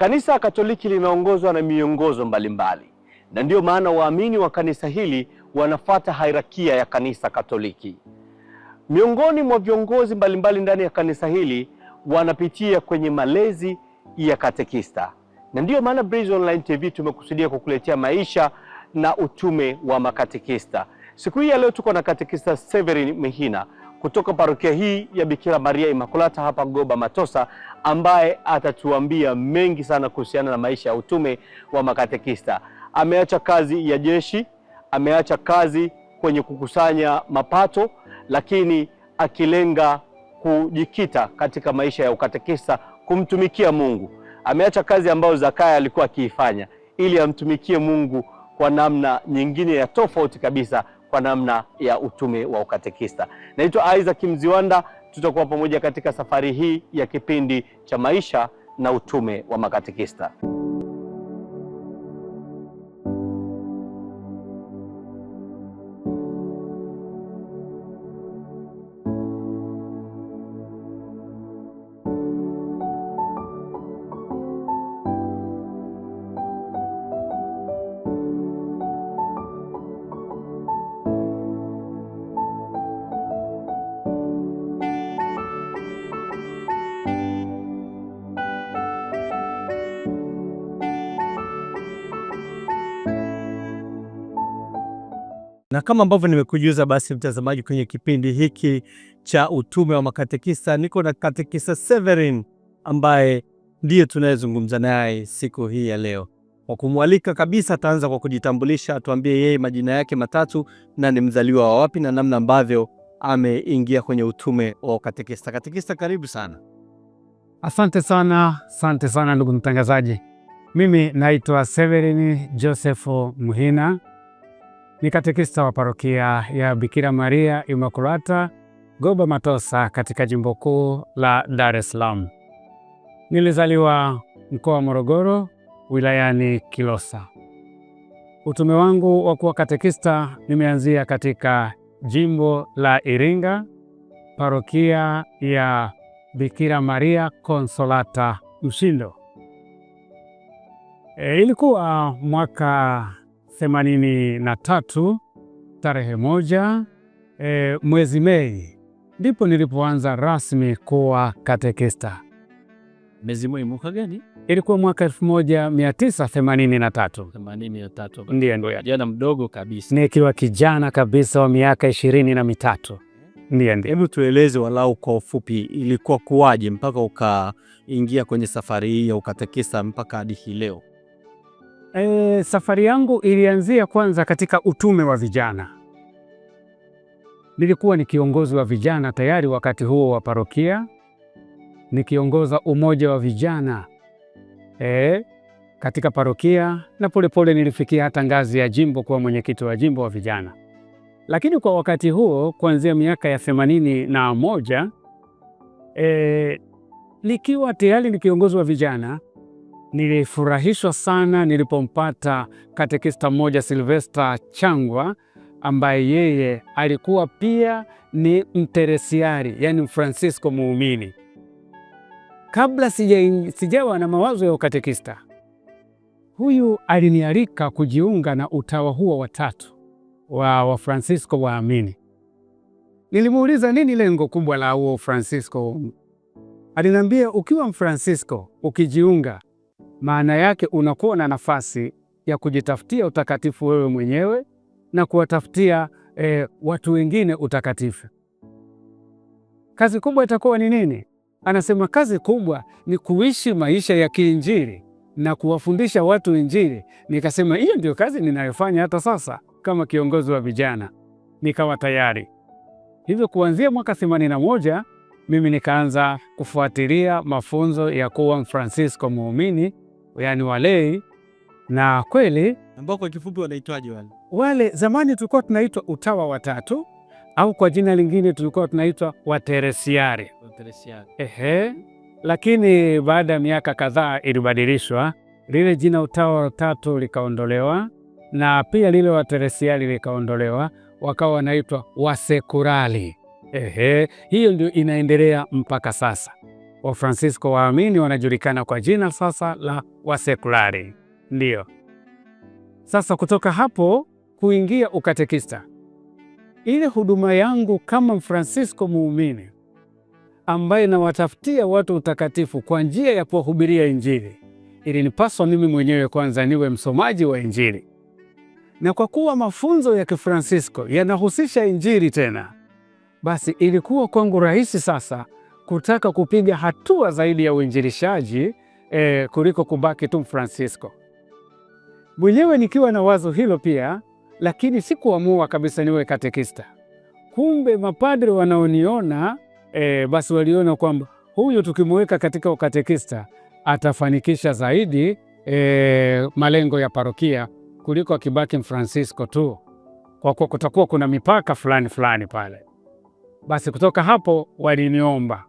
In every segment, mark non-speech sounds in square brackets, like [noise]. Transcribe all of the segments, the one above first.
Kanisa Katoliki linaongozwa na miongozo mbalimbali mbali, na ndiyo maana waamini wa kanisa hili wanafata hairakia ya Kanisa Katoliki. Miongoni mwa viongozi mbalimbali ndani ya kanisa hili wanapitia kwenye malezi ya katekista, na ndiyo maana Bridge Online TV tumekusudia kukuletea maisha na utume wa makatekista. Siku hii ya leo tuko na katekista Severin Mihina kutoka parokia hii ya Bikira Maria Imakulata hapa Goba Matosa, ambaye atatuambia mengi sana kuhusiana na maisha ya utume wa makatekista. Ameacha kazi ya jeshi, ameacha kazi kwenye kukusanya mapato, lakini akilenga kujikita katika maisha ya ukatekista, kumtumikia Mungu. Ameacha kazi ambayo Zakayo alikuwa akiifanya ili amtumikie Mungu kwa namna nyingine ya tofauti kabisa kwa namna ya utume wa ukatekista. Naitwa Isaac Mziwanda, tutakuwa pamoja katika safari hii ya kipindi cha maisha na utume wa makatekista. Na kama ambavyo nimekujuza, basi mtazamaji, kwenye kipindi hiki cha utume wa makatekista niko na katekista Severin ambaye ndiye tunayezungumza naye siku hii ya leo. Kwa kumwalika kabisa, ataanza kwa kujitambulisha, atuambie yeye majina yake matatu na ni mzaliwa wa wapi na namna ambavyo ameingia kwenye utume wa katekista Katekista, karibu sana. Asante sana, asante sana ndugu mtangazaji. Mimi naitwa severin Joseph Muhina ni katekista wa parokia ya Bikira Maria Imakulata Goba Matosa katika jimbo kuu la Dar es Salaam. Nilizaliwa mkoa wa Morogoro wilayani Kilosa. Utume wangu wa kuwa katekista nimeanzia katika jimbo la Iringa, parokia ya Bikira Maria Konsolata Mshindo. E, ilikuwa mwaka themanini na tatu tarehe moja e, mwezi Mei ndipo nilipoanza rasmi kuwa katekista. Mwezi Mei mwaka gani? Ilikuwa mwaka 1983. 83. Ndiyo, ndio. Kijana mdogo kabisa. Nikiwa kijana kabisa wa miaka ishirini na mitatu. Ndiyo, ndiyo. Hebu tueleze walau kwa ufupi ilikuwa kuwaje mpaka ukaingia kwenye safari hii ya ukatekista mpaka hadi hii leo? e, safari yangu ilianzia kwanza katika utume wa vijana. Nilikuwa ni kiongozi wa vijana tayari wakati huo wa parokia, nikiongoza umoja wa vijana e, katika parokia, na polepole nilifikia hata ngazi ya jimbo kuwa mwenyekiti wa jimbo wa vijana. Lakini kwa wakati huo kuanzia miaka ya themanini na moja e, nikiwa tayari ni kiongozi wa vijana Nilifurahishwa sana nilipompata katekista mmoja Silvesta Changwa ambaye yeye alikuwa pia ni mteresiari, yaani Mfransisko muumini. Kabla sijawa na mawazo ya ukatekista, huyu alinialika kujiunga na utawa huo watatu wa Wafransisko waamini. Nilimuuliza nini lengo kubwa la huo Fransisko, aliniambia ukiwa Mfransisko ukijiunga maana yake unakuwa na nafasi ya kujitafutia utakatifu wewe mwenyewe na kuwatafutia e, watu wengine utakatifu. Kazi kubwa itakuwa ni nini? Anasema kazi kubwa ni kuishi maisha ya kiinjili na kuwafundisha watu Injili. Nikasema hiyo ndio kazi ninayofanya hata sasa kama kiongozi wa vijana, nikawa tayari hivyo. Kuanzia mwaka 81 na moja mimi nikaanza kufuatilia mafunzo ya kuwa Mfransisko muumini yani walei, na kweli ambao kwa kifupi wanaitwaje wale? Wale zamani tulikuwa tunaitwa utawa watatu au kwa jina lingine tulikuwa tunaitwa wateresiari. Wateresiari. Ehe, lakini baada ya miaka kadhaa ilibadilishwa lile jina utawa watatu likaondolewa na pia lile wateresiari likaondolewa, wakawa wanaitwa wasekurali. Ehe, hiyo ndio inaendelea mpaka sasa. Wafransisko waamini wanajulikana kwa jina sasa la wasekulari. Ndiyo, sasa kutoka hapo kuingia ukatekista, ile huduma yangu kama Mfransisko muumini ambaye nawatafutia watu utakatifu kwa njia ya kuwahubiria Injili, ilinipaswa mimi mwenyewe kwanza niwe msomaji wa Injili, na kwa kuwa mafunzo ya Kifransisko yanahusisha Injili tena, basi ilikuwa kwangu rahisi sasa kutaka kupiga hatua zaidi ya uinjilishaji eh, kuliko kubaki tu Francisco. Mwenyewe nikiwa na wazo hilo pia, lakini sikuamua kabisa niwe katekista. Kumbe mapadre wanaoniona eh, basi waliona kwamba huyu tukimweka katika ukatekista atafanikisha zaidi eh, malengo ya parokia kuliko akibaki Francisco tu, kwa kuwa kutakuwa kuna mipaka fulani fulani pale. Basi kutoka hapo waliniomba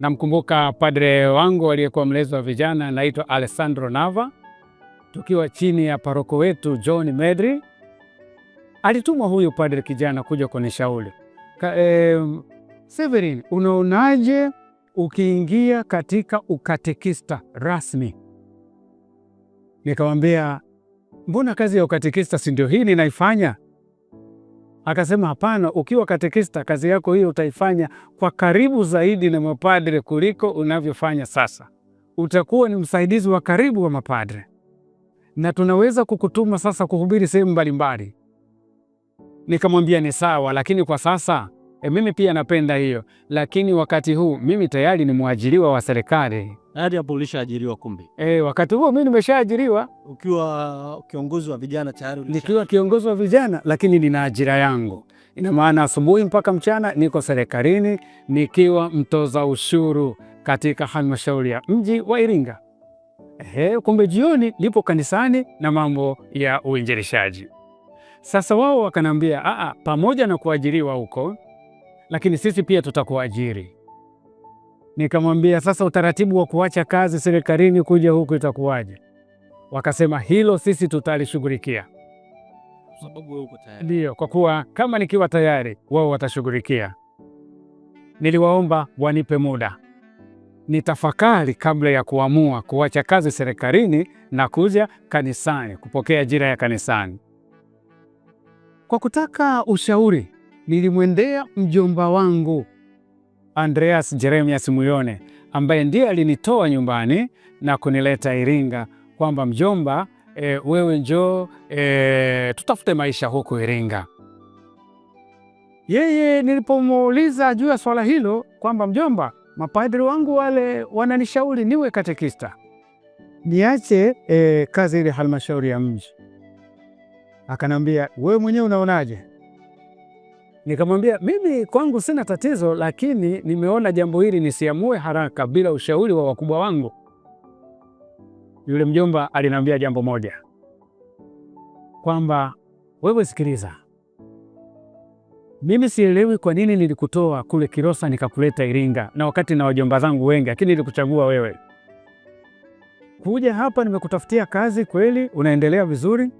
Namkumbuka padre wangu aliyekuwa mlezi wa vijana anaitwa Alessandro Nava, tukiwa chini ya paroko wetu John Medri, alitumwa huyu padre kijana kuja kunishauri eh, Severin, unaonaje ukiingia katika ukatekista rasmi? Nikamwambia mbona kazi ya ukatekista si ndio hii ninaifanya? Akasema hapana, ukiwa katekista kazi yako hiyo utaifanya kwa karibu zaidi na mapadre kuliko unavyofanya sasa. Utakuwa ni msaidizi wa karibu wa mapadre, na tunaweza kukutuma sasa kuhubiri sehemu mbalimbali. Nikamwambia ni sawa, lakini kwa sasa e, mimi pia napenda hiyo, lakini wakati huu mimi tayari ni mwajiriwa wa serikali hadi hapo ulishaajiriwa kumbe? Eh, wakati huo mimi nimeshaajiriwa ukiwa kiongozi wa vijana tayari, nikiwa kiongozi wa vijana, lakini nina ajira yangu. Ina maana asubuhi mpaka mchana niko serikalini nikiwa mtoza ushuru katika halmashauri ya mji wa Iringa. Ehe, kumbe jioni nipo kanisani na mambo ya uinjilishaji. Sasa wao wakanambia, a, pamoja na kuajiriwa huko, lakini sisi pia tutakuajiri Nikamwambia, sasa utaratibu wa kuacha kazi serikalini kuja huku itakuwaje? Wakasema hilo sisi tutalishughulikia. Sababu wewe uko tayari? Ndio, kwa kuwa kama nikiwa tayari wao watashughulikia. Niliwaomba wanipe muda nitafakari kabla ya kuamua kuacha kazi serikalini na kuja kanisani kupokea ajira ya kanisani. Kwa kutaka ushauri, nilimwendea mjomba wangu Andreas Jeremias Muyone ambaye ndiye alinitoa nyumbani na kunileta Iringa, kwamba mjomba, e, wewe njoo e, tutafute maisha huku Iringa. Yeye nilipomuuliza juu ya swala hilo kwamba mjomba, mapadri wangu wale wananishauri niwe katekista niache e, kazi ile halmashauri ya mji, akanambia wewe mwenyewe unaonaje? Nikamwambia mimi kwangu sina tatizo, lakini nimeona jambo hili nisiamue haraka bila ushauri wa wakubwa wangu. Yule mjomba aliniambia jambo moja kwamba wewe, sikiliza, mimi sielewi kwa nini nilikutoa kule Kilosa nikakuleta Iringa, na wakati na wajomba zangu wengi, lakini nilikuchagua wewe kuja hapa. Nimekutafutia kazi kweli, unaendelea vizuri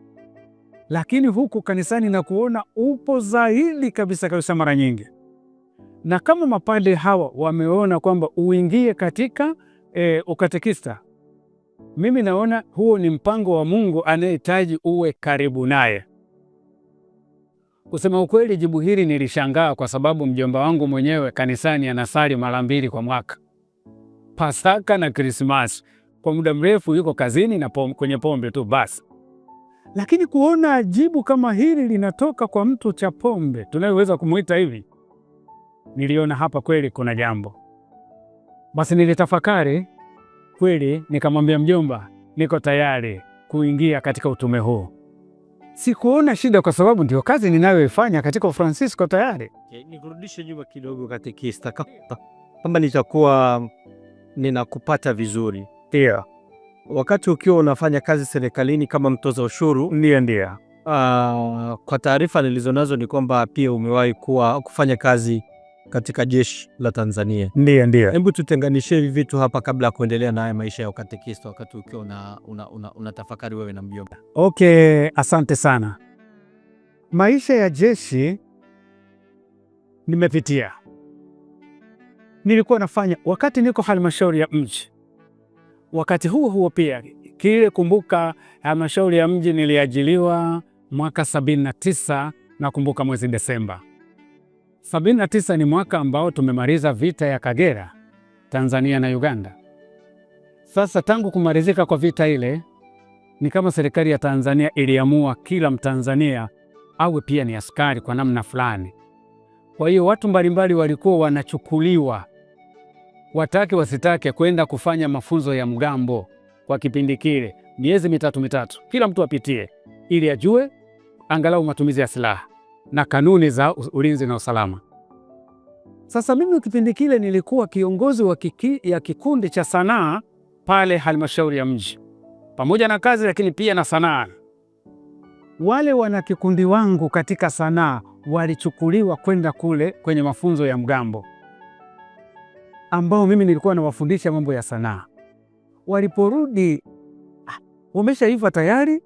lakini huku kanisani na kuona upo zaidi kabisa kabisa mara nyingi. Na kama mapadri hawa wameona kwamba uingie katika e, ukatekista, mimi naona huo ni mpango wa Mungu anayehitaji uwe karibu naye. Kusema ukweli, jibu hili nilishangaa kwa sababu mjomba wangu mwenyewe kanisani anasali mara mbili kwa mwaka, Pasaka na Krismasi. Kwa muda mrefu yuko kazini na pom, kwenye pombe tu basi lakini kuona ajibu kama hili linatoka kwa mtu cha pombe tunayeweza kumwita hivi, niliona hapa kweli kuna jambo. Basi nilitafakari kweli, nikamwambia mjomba, niko tayari kuingia katika utume huu. Sikuona shida, kwa sababu ndio kazi ninayoifanya katika Ufransisko tayari. Nikurudishe nyuma kidogo, katekista, kama nitakuwa ninakupata vizuri, ndio wakati ukiwa unafanya kazi serikalini kama mtoza ushuru? Ndio, ndio. Uh, kwa taarifa nilizonazo ni kwamba pia umewahi kuwa kufanya kazi katika jeshi la Tanzania. Ndio, ndio. Hebu tutenganishe hivi vitu hapa kabla ya kuendelea na haya maisha ya ukatekista wakati ukiwa una, una, una, una tafakari wewe na mjomba. Okay, asante sana. Maisha ya jeshi nimepitia, nilikuwa nafanya wakati niko halmashauri ya mji Wakati huo huo pia kile, kumbuka halmashauri ya mji niliajiliwa mwaka sabini na tisa nakumbuka mwezi Desemba sabini na tisa ni mwaka ambao tumemaliza vita ya Kagera Tanzania na Uganda. Sasa tangu kumalizika kwa vita ile, ni kama serikali ya Tanzania iliamua kila Mtanzania awe pia ni askari kwa namna fulani. Kwa hiyo watu mbalimbali walikuwa wanachukuliwa watake wasitake kwenda kufanya mafunzo ya mgambo kwa kipindi kile, miezi mitatu mitatu, kila mtu apitie, ili ajue angalau matumizi ya silaha na kanuni za ulinzi na usalama. Sasa mimi kipindi kile nilikuwa kiongozi wa kiki, ya kikundi cha sanaa pale halmashauri ya mji, pamoja na kazi, lakini pia na sanaa. Wale wanakikundi wangu katika sanaa walichukuliwa kwenda kule kwenye mafunzo ya mgambo ambao mimi nilikuwa nawafundisha mambo ya sanaa. Waliporudi ah, wameshaiva tayari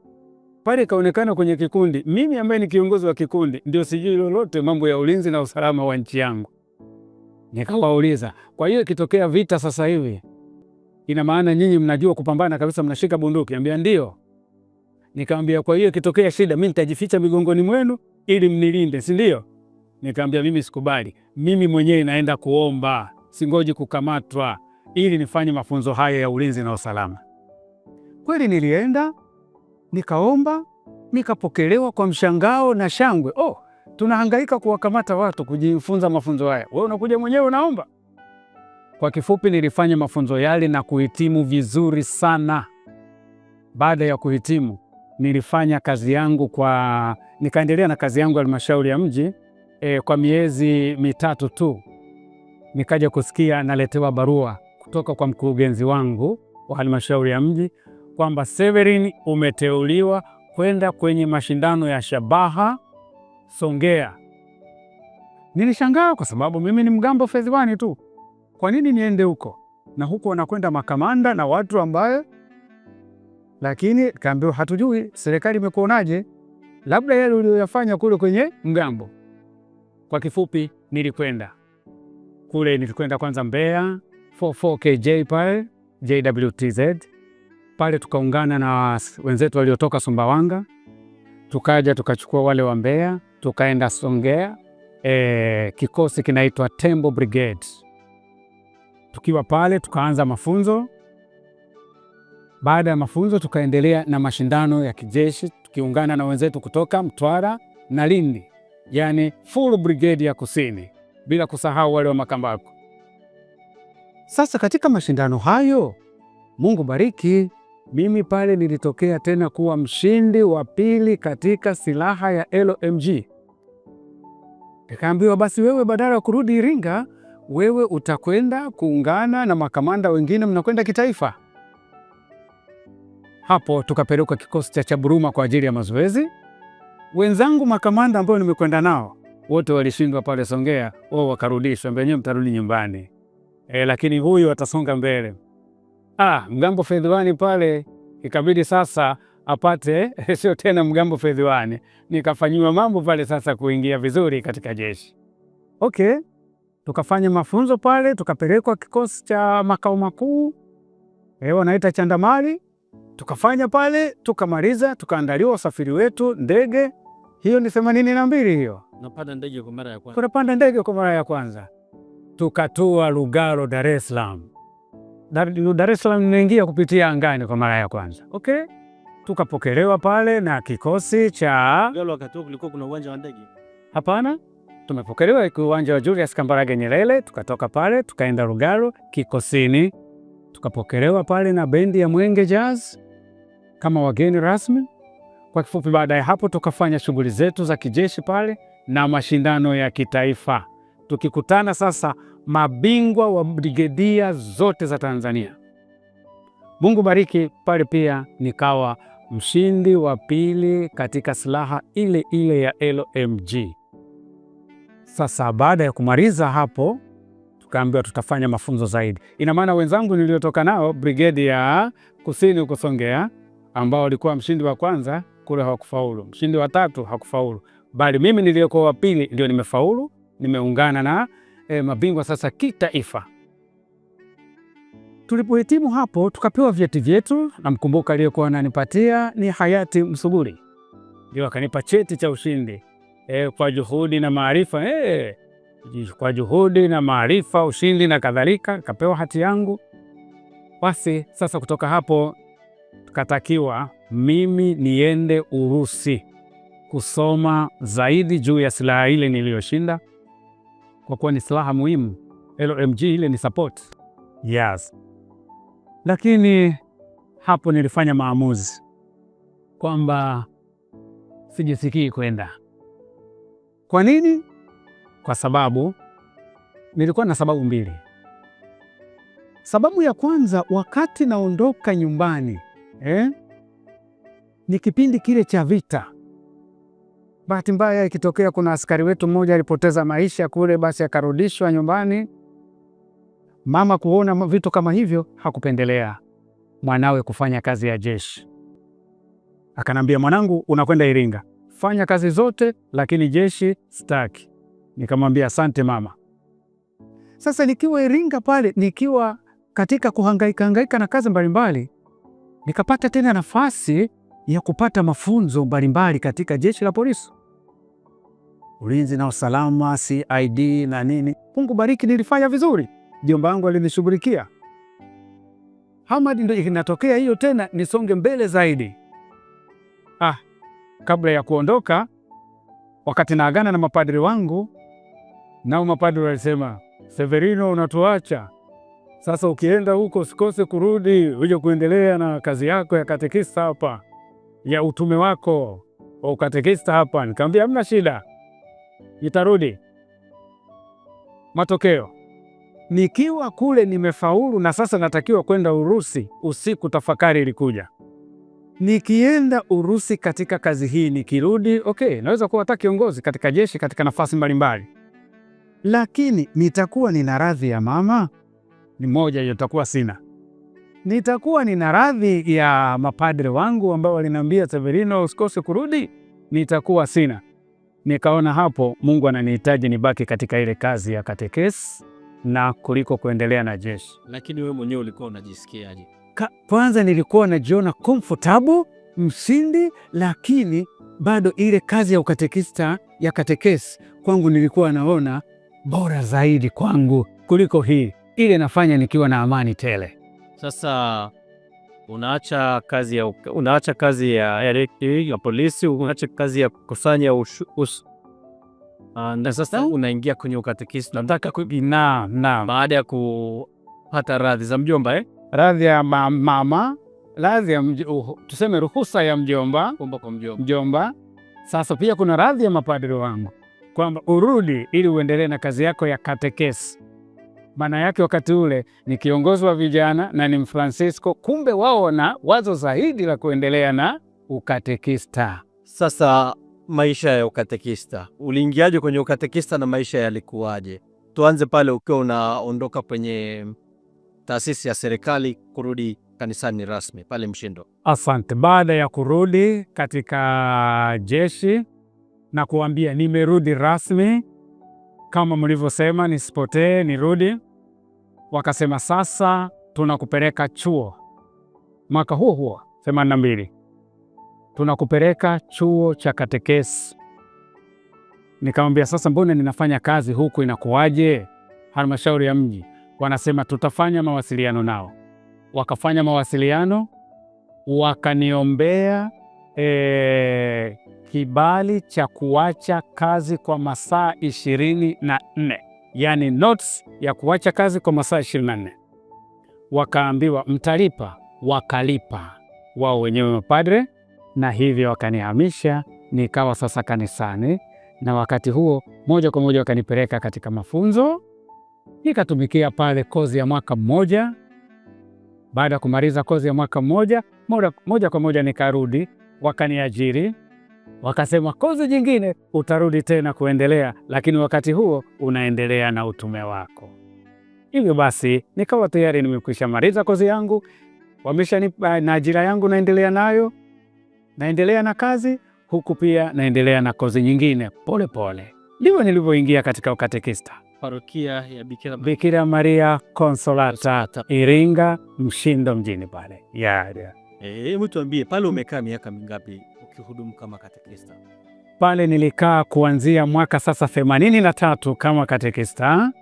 pale, ikaonekana kwenye kikundi, mimi ambaye ni kiongozi wa kikundi ndio sijui lolote mambo ya ulinzi na usalama wa nchi yangu. Nikawauliza, kwa hiyo ikitokea vita sasa hivi, ina maana nyinyi mnajua kupambana kabisa, mnashika bunduki? Ambia ndio. Nikamwambia, kwa hiyo ikitokea shida, mimi nitajificha migongoni mwenu ili mnilinde, si ndio? Nikamwambia, mimi sikubali, mimi mwenyewe naenda kuomba singoji kukamatwa ili nifanye mafunzo haya ya ulinzi na usalama. Kweli nilienda nikaomba, nikapokelewa kwa mshangao na shangwe. Oh, tunahangaika kuwakamata watu kujifunza mafunzo haya, wewe unakuja mwenyewe unaomba. Kwa kifupi, nilifanya mafunzo yale na kuhitimu vizuri sana. Baada ya kuhitimu, nilifanya kazi yangu kwa, nikaendelea na kazi yangu halmashauri ya mji e, kwa miezi mitatu tu nikaja kusikia naletewa barua kutoka kwa mkurugenzi wangu wa halmashauri ya mji kwamba Severin umeteuliwa kwenda kwenye mashindano ya shabaha Songea. Nilishangaa kwa sababu mimi ni mgambo fedhiwani tu, kwa nini niende huko na huko wanakwenda makamanda na watu ambaye, lakini kaambiwa hatujui serikali imekuonaje, labda yale uliyoyafanya kule kwenye mgambo. Kwa kifupi, nilikwenda kule nilikwenda kwanza Mbeya 44 KJ pale JWTZ pale, tukaungana na wenzetu waliotoka Sumbawanga, tukaja tukachukua wale wa Mbeya, tukaenda Songea. E, kikosi kinaitwa Tembo Brigade. Tukiwa pale tukaanza mafunzo. Baada ya mafunzo, tukaendelea na mashindano ya kijeshi tukiungana na wenzetu kutoka Mtwara na Lindi, yani full brigade ya kusini bila kusahau wale wa Makambako. Sasa katika mashindano hayo, Mungu bariki, mimi pale nilitokea tena kuwa mshindi wa pili katika silaha ya LMG. Nikaambiwa basi, wewe badala ya kurudi Iringa, wewe utakwenda kuungana na makamanda wengine, mnakwenda kitaifa. Hapo tukapelekwa kikosi cha Chaburuma kwa ajili ya mazoezi. Wenzangu makamanda ambao nimekwenda nao wote walishindwa pale Songea, wao wakarudishwa mbenyewe, mtarudi nyumbani e, lakini huyu atasonga mbele. Ah, mgambo Fedhiwani pale ikabidi sasa apate eh, [laughs] sio tena mgambo Fedhiwani, nikafanyiwa mambo pale sasa kuingia vizuri katika jeshi. Okay, tukafanya mafunzo pale, tukapelekwa kikosi cha makao makuu e, wanaita Chandamali, tukafanya pale, tukamaliza, tukaandaliwa usafiri wetu ndege hiyo ni themanini na mbili hiyo Tunapanda ndege kwa mara ya kwanza, tunapanda ndege kwa mara ya kwanza tukatua Lugalo, Dar es Salaam. Dar es Salaam inaingia kupitia angani kwa mara ya kwanza okay. Tukapokelewa pale na kikosi cha Lugalo. Wakati huo kulikuwa kuna uwanja wa ndege hapana? Tumepokelewa uwanja wa Julius Kambarage Nyerere, tukatoka pale tukaenda Lugalo kikosini, tukapokelewa pale na bendi ya Mwenge Jazz kama wageni rasmi kwa kifupi, baada ya hapo tukafanya shughuli zetu za kijeshi pale na mashindano ya kitaifa, tukikutana sasa mabingwa wa brigedia zote za Tanzania. Mungu bariki pale, pia nikawa mshindi wa pili katika silaha ile ile ya LMG. Sasa baada ya kumaliza hapo tukaambiwa tutafanya mafunzo zaidi. Ina maana wenzangu niliotoka nao brigedi ya kusini huko Songea, ambao walikuwa mshindi wa kwanza kule hawakufaulu, mshindi wa tatu hakufaulu, bali mimi niliyekuwa wa pili ndio nimefaulu, nimeungana na e, mabingwa sasa kitaifa. Tulipohitimu hapo tukapewa vyeti vyetu. mkumbuka aliyekuwa ananipatia ni hayati Msuguri, ndio akanipa cheti cha ushindi e, kwa juhudi na maarifa e, kwa juhudi na maarifa, ushindi na kadhalika, kapewa hati yangu. Basi sasa kutoka hapo tukatakiwa mimi niende Urusi kusoma zaidi juu ya silaha ile niliyoshinda, kwa kuwa ni silaha muhimu. LMG ile ni support yes. Lakini hapo nilifanya maamuzi kwamba sijisikii kwenda. Kwa nini? Kwa sababu nilikuwa na sababu mbili. Sababu ya kwanza, wakati naondoka nyumbani eh? ni kipindi kile cha vita. Bahati mbaya ikitokea kuna askari wetu mmoja alipoteza maisha kule, basi akarudishwa nyumbani. Mama kuona vitu kama hivyo hakupendelea mwanawe kufanya kazi ya jeshi, akanambia, mwanangu, unakwenda Iringa, fanya kazi zote, lakini jeshi sitaki. Nikamwambia asante mama. Sasa nikiwa Iringa pale, nikiwa katika kuhangaika hangaika na kazi mbalimbali, nikapata tena nafasi ya kupata mafunzo mbalimbali katika jeshi la polisi, ulinzi na usalama, CID na nini. Mungu bariki, nilifanya vizuri, jomba wangu alinishughulikia. Hamad, ndio inatokea hiyo tena, nisonge mbele zaidi. Ah, kabla ya kuondoka, wakati naagana na mapadri wangu, nao mapadri walisema, Severino, unatuacha sasa, ukienda huko usikose kurudi uje kuendelea na kazi yako ya katekista hapa ya utume wako wa ukatekista hapa. Nikamwambia hamna shida, nitarudi. Matokeo nikiwa kule nimefaulu, na sasa natakiwa kwenda Urusi usiku. Tafakari ilikuja, nikienda Urusi katika kazi hii, nikirudi okay, naweza kuwa hata kiongozi katika jeshi, katika nafasi mbalimbali, lakini nitakuwa nina radhi ya mama ni moja, hiyo takuwa sina nitakuwa nina radhi ya mapadre wangu ambao waliniambia, Severino, usikose kurudi, nitakuwa sina. Nikaona hapo Mungu ananihitaji nibaki katika ile kazi ya katekesi na kuliko kuendelea na jeshi. Lakini wewe mwenyewe ulikuwa unajisikiaje? Kwanza nilikuwa najiona comfortable mshindi, lakini bado ile kazi ya ukatekista ya katekesi kwangu nilikuwa naona bora zaidi kwangu kuliko hii ile nafanya nikiwa na amani tele. Sasa unaacha kazi ya unaacha kazi ya, ya, ya polisi, unaacha kazi ya kukusanya Uh, na sasa unaingia kwenye ukatekisi Nataka na na baada ya kupata radhi za mjomba eh? radhi ya mama radhi ya uh, tuseme ruhusa ya mjomba, mjomba. Sasa pia kuna radhi ya mapadri wangu kwamba urudi ili uendelee na kazi yako ya katekesi. Maana yake wakati ule ni kiongozi wa vijana na ni Mfransisko, kumbe wao na wazo zaidi la kuendelea na ukatekista. Sasa maisha ya ukatekista, uliingiaje kwenye ukatekista na maisha yalikuwaje? Tuanze pale ukiwa unaondoka kwenye taasisi ya serikali kurudi kanisani rasmi pale Mshindo. Asante. Baada ya kurudi katika jeshi na kuambia nimerudi rasmi kama mlivyosema, nisipotee nirudi. Wakasema sasa tunakupeleka chuo. Mwaka huo huo 82 tunakupeleka chuo cha katekesi. Nikamwambia sasa, mbona ninafanya kazi huku, inakuwaje? Halmashauri ya mji wanasema tutafanya mawasiliano nao. Wakafanya mawasiliano, wakaniombea e, kibali cha kuacha kazi kwa masaa ishirini na nne yaani notes ya kuacha kazi kwa masaa ishirini na nne Wakaambiwa mtalipa, wakalipa wao wenyewe mapadre, na hivyo wakanihamisha nikawa sasa kanisani, na wakati huo moja kwa moja wakanipeleka katika mafunzo, nikatumikia pale kozi ya mwaka mmoja. Baada ya kumaliza kozi ya mwaka mmoja, moja kwa moja nikarudi wakaniajiri, wakasema kozi jingine utarudi tena kuendelea, lakini wakati huo unaendelea na utume wako. Hivyo basi nikawa tayari nimekwisha maliza kozi yangu, wameshanipa na ajira yangu, naendelea nayo, naendelea na kazi huku pia naendelea na kozi nyingine polepole. Ndivyo nilivyoingia katika ukatekista parokia ya Bikira Maria, Bikira Maria Konsolata Iringa, Mshindo mjini pale. yeah, yeah. Eh, hebu tuambie pale umekaa miaka mingapi ukihudumu kama katekista? Pale nilikaa kuanzia mwaka sasa themanini na tatu kama katekista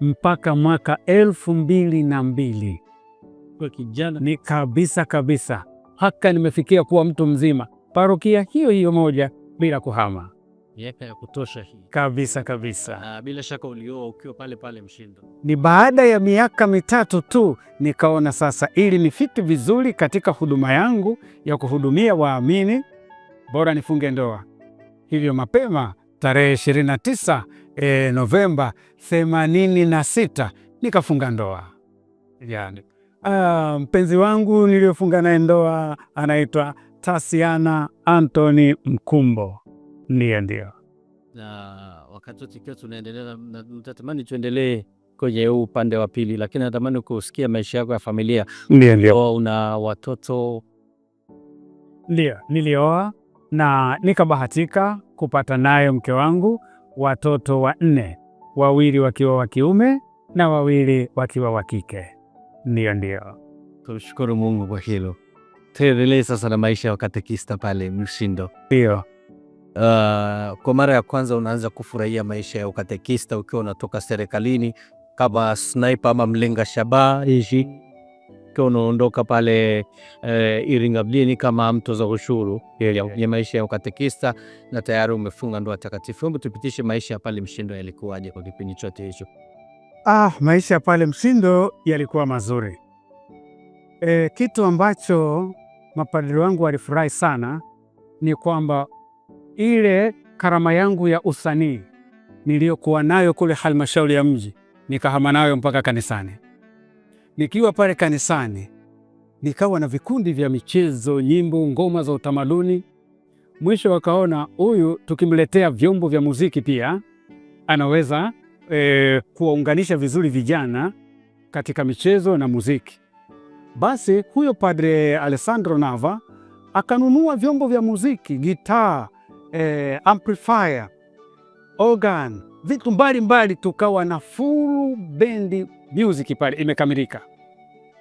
mpaka mwaka elfu mbili na mbili. Kwa kijana ni kabisa kabisa, haka nimefikia kuwa mtu mzima parokia hiyo hiyo moja bila kuhama miaka ya kutosha hii kabisa kabisa. Na bila shaka ulioa ukiwa pale pale Mshindo. Ni baada ya miaka mitatu tu nikaona sasa, ili nifiti vizuri katika huduma yangu ya kuhudumia waamini, bora nifunge ndoa. Hivyo mapema tarehe 29 e, eh, Novemba 86 nikafunga ndoa yani. Uh, mpenzi wangu niliyofunga naye ndoa anaitwa Tasiana Anthony Mkumbo. Ndio, ndio. Na wakati wote tunaendelea, natamani tuendelee kwenye huu upande wa pili, lakini natamani kusikia maisha yako ya familia. Ndio, ndio. Una watoto? Ndio, nilioa na nikabahatika kupata nayo mke wangu watoto wanne, wawili wakiwa wa kiume na wawili wakiwa wa kike. Ndio, ndio. Tumshukuru Mungu kwa hilo. Tuendelee sasa na maisha ya katekista pale Mshindo. Ndio. Uh, kwa mara ya kwanza unaanza kufurahia maisha ya ukatekista ukiwa unatoka serikalini kama sniper ama mlenga shabaha hivi, ukiwa unaondoka pale uh, Iringa mjini kama mtoza ushuru kwenye maisha ya ukatekista na tayari umefunga ndoa takatifu. Hebu tupitishe maisha ya pale Mshindo yalikuwaje kwa kipindi chote hicho? Ah, maisha ya pale Mshindo yalikuwa mazuri. E, kitu ambacho mapadri wangu walifurahi sana ni kwamba ile karama yangu ya usanii niliyokuwa nayo kule halmashauri ya mji nikahama nayo mpaka kanisani. Nikiwa pale kanisani, nikawa na vikundi vya michezo, nyimbo, ngoma za utamaduni. Mwisho wakaona huyu tukimletea vyombo vya muziki pia anaweza e, kuwaunganisha vizuri vijana katika michezo na muziki. Basi huyo Padre Alessandro Nava akanunua vyombo vya muziki, gitaa eh, amplifier, organ, vitu mbalimbali, tukawa na full bendi music pale, imekamilika.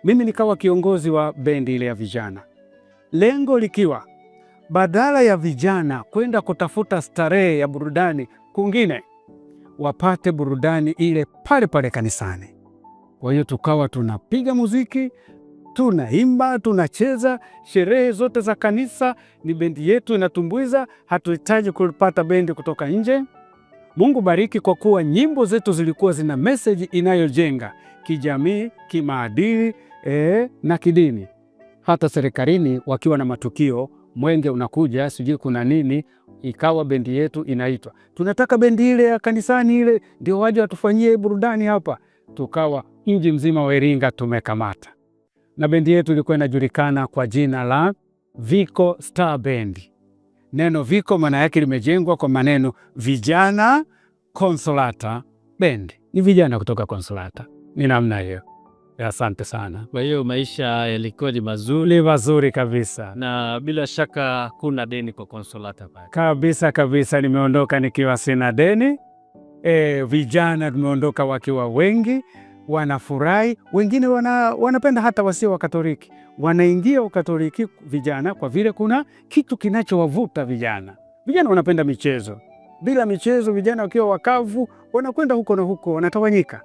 Mimi nikawa kiongozi wa bendi ile ya vijana, lengo likiwa badala ya vijana kwenda kutafuta starehe ya burudani kungine, wapate burudani ile pale pale kanisani. Kwa hiyo tukawa tunapiga muziki tunaimba, tunacheza, sherehe zote za kanisa ni bendi yetu inatumbuiza. Hatuhitaji kupata bendi kutoka nje. Mungu bariki, kwa kuwa nyimbo zetu zilikuwa zina meseji inayojenga kijamii, kimaadili e, na kidini. Hata serikalini wakiwa na matukio, mwenge unakuja, sijui kuna nini, ikawa bendi yetu inaitwa. Tunataka bendi ile ya kanisani ile ndio waje watufanyie burudani hapa. Tukawa mji mzima wa Iringa tumekamata na bendi yetu ilikuwa inajulikana kwa jina la Viko Star Band. Neno viko maana yake limejengwa kwa maneno vijana Consolata Band, ni vijana kutoka Consolata, ni namna hiyo. Asante sana. Kwa hiyo maisha yalikuwa ni mazuri ni mazuri kabisa, na bila shaka kuna deni kwa Consolata pale kabisa kabisa. Nimeondoka nikiwa sina deni. E, vijana tumeondoka wakiwa wengi wanafurahi, wengine wana, wanapenda hata wasio Wakatoliki wanaingia Ukatoliki vijana, kwa vile kuna kitu kinachowavuta vijana. Vijana wanapenda michezo, bila michezo vijana wakiwa wakavu wanakwenda huko na huko, wanatawanyika.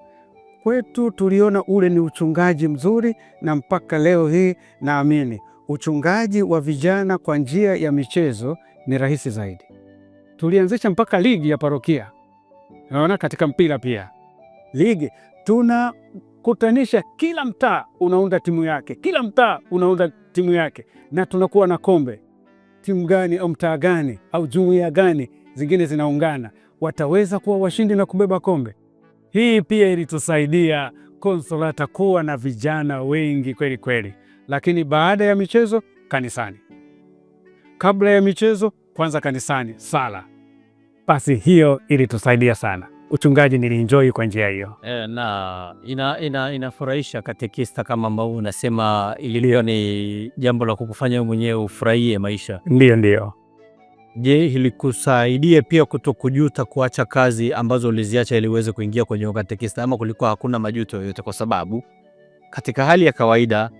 Kwetu tuliona ule ni uchungaji mzuri, na mpaka leo hii naamini uchungaji wa vijana kwa njia ya michezo ni rahisi zaidi. Tulianzisha mpaka ligi ya parokia, naona katika mpira pia ligi tunakutanisha kila mtaa unaunda timu yake, kila mtaa unaunda timu yake, na tunakuwa na kombe. Timu gani au mtaa gani au jumuiya gani zingine zinaungana, wataweza kuwa washindi na kubeba kombe. Hii pia ilitusaidia Konsolata kuwa na vijana wengi kweli kweli. Lakini baada ya michezo kanisani, kabla ya michezo kwanza kanisani sala. Basi hiyo ilitusaidia sana uchungaji nilienjoy kwa njia hiyo e, na ina, ina, inafurahisha katekista kama ambavyo unasema ililio ni jambo la kukufanya wewe mwenyewe ufurahie maisha. Ndio, ndio. Je, ilikusaidia pia kutokujuta kuacha kazi ambazo uliziacha ili uweze kuingia kwenye ukatekista ama kulikuwa hakuna majuto yoyote? Kwa sababu katika hali ya kawaida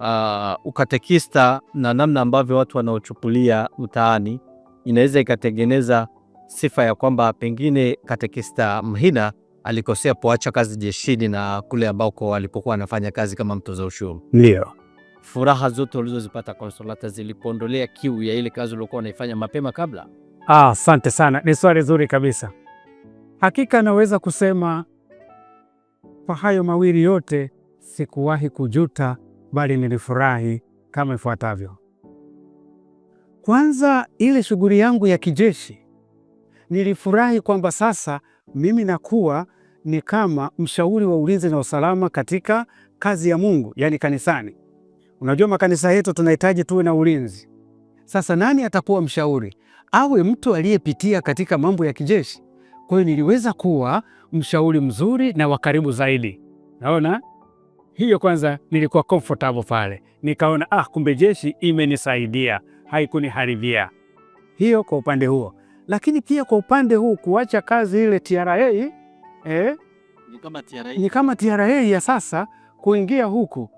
uh, ukatekista na namna ambavyo watu wanaochukulia mtaani inaweza ikatengeneza sifa ya kwamba pengine katekista Mhina alikosea kuacha kazi jeshini na kule ambako alipokuwa anafanya kazi kama mtoza ushuru. Ndio furaha zote ulizozipata Konsolata zilikuondolea kiu ya ile kazi uliokuwa unaifanya mapema kabla? Ah, asante ah, sana, ni swali zuri kabisa. Hakika naweza kusema kwa hayo mawili yote sikuwahi kujuta, bali nilifurahi kama ifuatavyo. Kwanza, ile shughuli yangu ya kijeshi nilifurahi kwamba sasa mimi nakuwa ni kama mshauri wa ulinzi na usalama katika kazi ya Mungu, yani kanisani. Unajua makanisa yetu tunahitaji tuwe na ulinzi. Sasa nani atakuwa mshauri? Awe mtu aliyepitia katika mambo ya kijeshi. Kwa hiyo niliweza kuwa mshauri mzuri na wa karibu zaidi. Naona hiyo kwanza, nilikuwa comfortable pale, nikaona ah, kumbe jeshi imenisaidia, haikuniharibia. Hiyo kwa upande huo. Lakini pia kwa upande huu kuacha kazi ile TRA eh, ni kama TRA, ya sasa kuingia huku,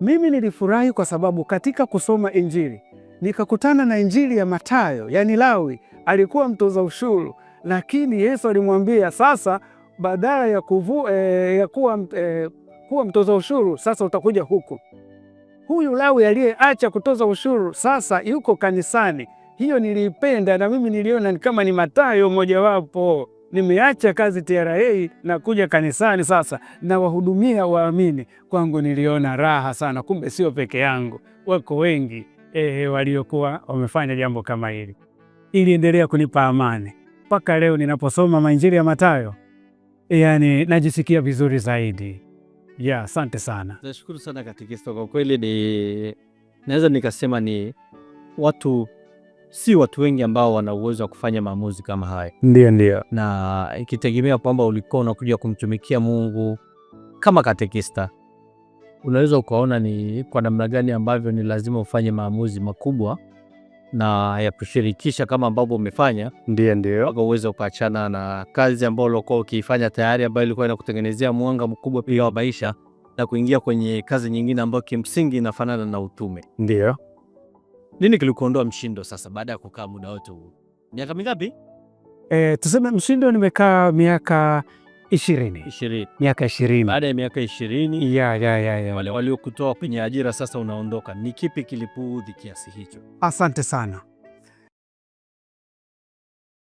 mimi nilifurahi kwa sababu katika kusoma Injili nikakutana na Injili ya matayo yani Lawi alikuwa mtoza ushuru, lakini Yesu alimwambia sasa, badala ya, kuvu, eh, ya kuwa, eh, kuwa mtoza ushuru sasa utakuja huku. Huyu Lawi aliyeacha kutoza ushuru sasa yuko kanisani hiyo nilipenda na mimi niliona kama ni matayo mojawapo. Nimeacha kazi TRA na kuja kanisani sasa na wahudumia waamini. Kwangu niliona raha sana, kumbe sio peke yangu, wako wengi e, waliokuwa wamefanya jambo kama hili. Iliendelea kunipa amani mpaka leo ninaposoma mainjili ya Mathayo, yani najisikia vizuri zaidi. Yeah, asante sana. Nashukuru sana katekista, kwa kweli ni naweza nikasema ni watu si watu wengi ambao wana uwezo wa kufanya maamuzi kama haya. Ndio, ndio, na ikitegemea kwamba ulikuwa unakuja kumtumikia Mungu kama katekista, unaweza ukaona ni kwa namna gani ambavyo ni lazima ufanye maamuzi makubwa na ya kushirikisha kama ambavyo umefanya, ndio ndio, uweze ukaachana na kazi ambayo ulikuwa ukiifanya tayari, ambayo ilikuwa inakutengenezea mwanga mkubwa pia wa maisha na kuingia kwenye kazi nyingine ambayo kimsingi inafanana na utume. Ndio. Nini kilikuondoa Mshindo sasa baada ya kukaa muda wote huu? Miaka mingapi? Eh, tuseme Mshindo nimekaa miaka ishirini. Ishirini. Miaka ishirini. Baada ya miaka ishirini ya, ya, ya, ya. Wale waliokutoa kwenye ajira sasa unaondoka. Ni kipi kilipuudhi kiasi hicho? Asante sana.